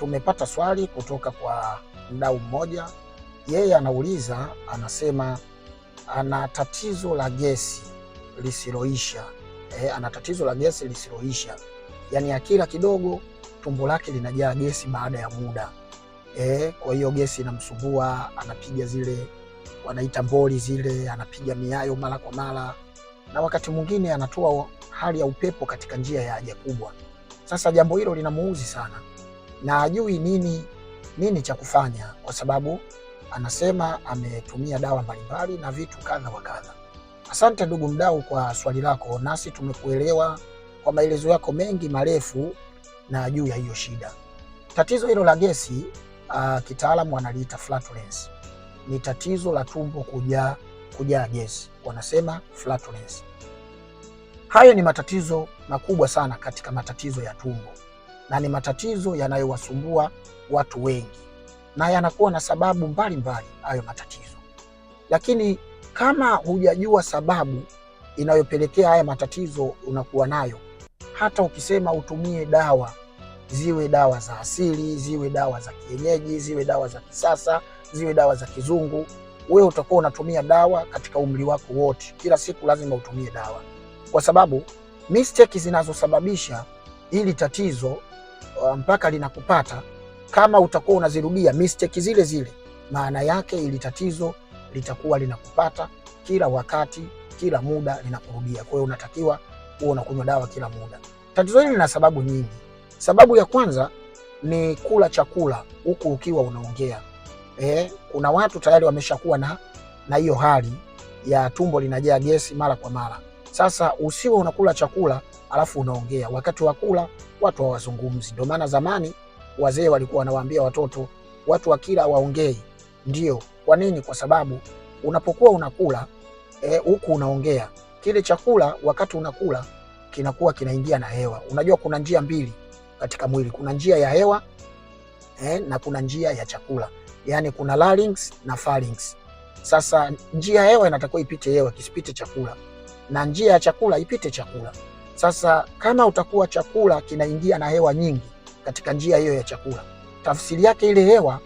tumepata swali kutoka kwa mdau mmoja, yeye anauliza, anasema ana tatizo la gesi lisiloisha. E, ana tatizo la gesi lisiloisha, yaani akila kidogo tumbo lake linajaa gesi baada ya muda e, kwa hiyo gesi inamsumbua, anapiga zile wanaita mboli zile, anapiga miayo mara kwa mara, na wakati mwingine anatoa hali ya upepo katika njia ya haja kubwa. Sasa jambo hilo linamuuzi sana na hajui nini nini cha kufanya, kwa sababu anasema ametumia dawa mbalimbali na vitu kadha wa kadha. Asante ndugu mdau kwa swali lako, nasi tumekuelewa kwa maelezo yako mengi marefu na juu ya hiyo shida. Tatizo hilo la gesi uh, kitaalamu wanaliita flatulence. Ni tatizo la tumbo kujaa kujaa gesi, wanasema flatulence. Hayo ni matatizo makubwa sana katika matatizo ya tumbo na ni matatizo yanayowasumbua watu wengi na yanakuwa na sababu mbalimbali hayo matatizo, lakini kama hujajua sababu inayopelekea haya matatizo unakuwa nayo, hata ukisema utumie dawa, ziwe dawa za asili, ziwe dawa za kienyeji, ziwe dawa za kisasa, ziwe dawa za kizungu, wewe utakuwa unatumia dawa katika umri wako wote. Kila siku lazima utumie dawa, kwa sababu mistake zinazosababisha hili tatizo Uh, mpaka linakupata, kama utakuwa unazirudia mistake zile zile, maana yake ili tatizo litakuwa linakupata kila wakati, kila muda linakurudia. Kwa hiyo unatakiwa huwa unakunywa dawa kila muda. Tatizo hili lina sababu nyingi. Sababu ya kwanza ni kula chakula huku ukiwa unaongea. Eh, kuna watu tayari wameshakuwa na na hiyo hali ya tumbo linajaa gesi mara kwa mara. Sasa usiwe unakula chakula alafu unaongea. Wakati wa kula watu hawazungumzi. Ndio maana zamani wazee walikuwa wanawaambia watoto watu wa kila waongei. Ndio kwa nini? Kwa sababu unapokuwa unakula eh, huku e, unaongea, kile chakula wakati unakula kinakuwa kinaingia na hewa. Unajua kuna njia mbili katika mwili, kuna njia ya hewa e, na kuna njia ya chakula, yaani kuna larynx na pharynx. Sasa njia ya hewa inatakiwa ipite hewa, kisipite chakula, na njia ya chakula ipite chakula. Sasa kama utakuwa chakula kinaingia na hewa nyingi katika njia hiyo ya chakula, tafsiri yake ile hewa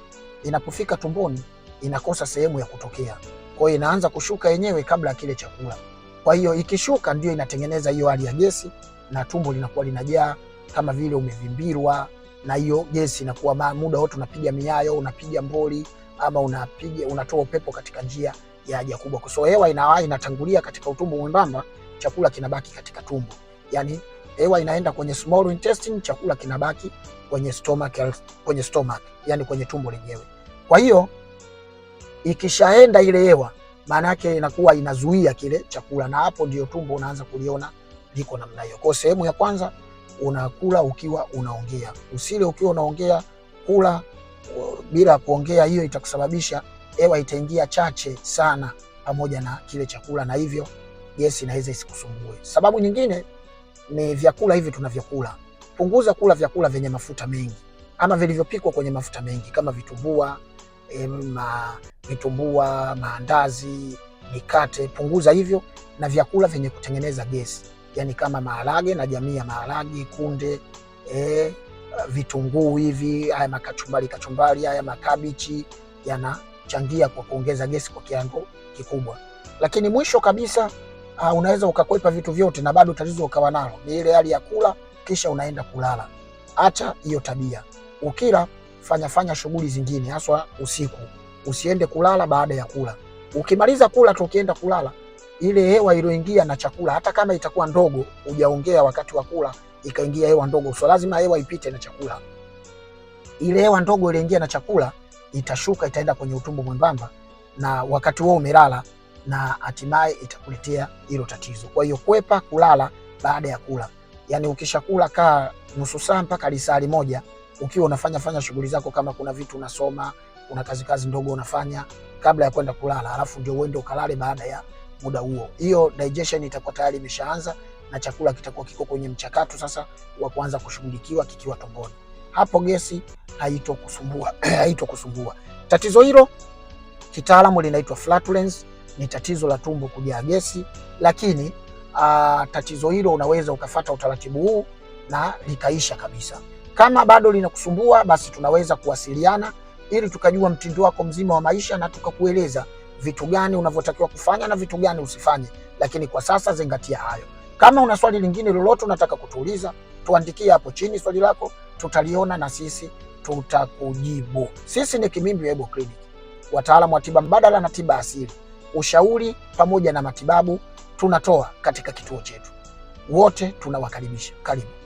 inapofika tumboni inakosa sehemu ya kutokea, kwa hiyo inaanza kushuka yenyewe kabla ya kile chakula. Kwa hiyo ikishuka ndio inatengeneza hiyo hali ya gesi, na tumbo linakuwa linajaa kama vile umevimbirwa, na hiyo gesi inakuwa muda wote unapiga miayo, unapiga mboli, ama unapiga unatoa upepo katika njia ya haja kubwa. Kwa hiyo hewa inawahi inatangulia katika utumbo mwembamba, chakula kinabaki katika tumbo yani hewa inaenda kwenye small intestine, chakula kinabaki kwenye stomach, kwenye stomach, yani kwenye tumbo lenyewe. Kwa hiyo ikishaenda ile hewa, maana yake inakuwa inazuia kile chakula, na hapo ndio tumbo unaanza kuliona liko namna hiyo. Kwa sehemu ya kwanza unakula ukiwa unaongea, usile ukiwa unaongea, kula bila kuongea. Hiyo itakusababisha hewa itaingia chache sana pamoja na kile chakula, na hivyo gesi inaweza isikusumbue. Sababu nyingine ni vyakula hivi tunavyokula. Punguza kula vyakula vyenye mafuta mengi ama vilivyopikwa kwenye mafuta mengi kama vitumbua ma, vitumbua, maandazi, mikate. Punguza hivyo na vyakula vyenye kutengeneza gesi, yani kama maharage na jamii ya maharage, kunde, e, vitunguu hivi, haya makachumbari, kachumbari haya makabichi yanachangia kwa kuongeza gesi kwa kiwango kikubwa. Lakini mwisho kabisa uh, unaweza ukakwepa vitu vyote na bado tatizo ukawa nalo. Ni ile hali ya kula kisha unaenda kulala. Acha hiyo tabia. Ukila fanya fanya shughuli zingine, haswa usiku. Usiende kulala baada ya kula. Ukimaliza kula tu ukienda kulala, ile hewa iliyoingia na chakula, hata kama itakuwa ndogo, hujaongea wakati wa kula, ikaingia hewa ndogo, so lazima hewa ipite na chakula. Ile hewa ndogo iliingia na chakula itashuka, itaenda kwenye utumbo mwembamba, na wakati huo umelala na hatimaye itakuletea hilo tatizo. Kwa hiyo kwepa kulala baada ya kula, yaani ukishakula kaa nusu saa mpaka lisaa moja ukiwa unafanya fanya shughuli zako, kama kuna vitu unasoma, kuna kazi kazi ndogo unafanya kabla ya kwenda kulala, alafu ndio uende ukalale baada ya muda huo, hiyo digestion itakuwa tayari imeshaanza na chakula kitakuwa kiko kwenye mchakato sasa wa kuanza kushughulikiwa kikiwa tumboni. Hapo gesi haitokusumbua haitokusumbua. Tatizo hilo kitaalamu linaitwa flatulence ni tatizo la tumbo kujaa gesi, lakini a, ah, tatizo hilo unaweza ukafata utaratibu huu na likaisha kabisa. Kama bado linakusumbua, basi tunaweza kuwasiliana ili tukajua mtindo wako mzima wa maisha na tukakueleza vitu gani unavyotakiwa kufanya na vitu gani usifanye. Lakini kwa sasa zingatia hayo. Kama una swali lingine lolote unataka kutuuliza, tuandikie hapo chini swali lako, tutaliona na sisi tutakujibu. Sisi ni Kimimbi Herbal Clinic, wataalamu wa tiba mbadala na tiba asili ushauri pamoja na matibabu tunatoa katika kituo chetu. Wote tunawakaribisha. Karibu.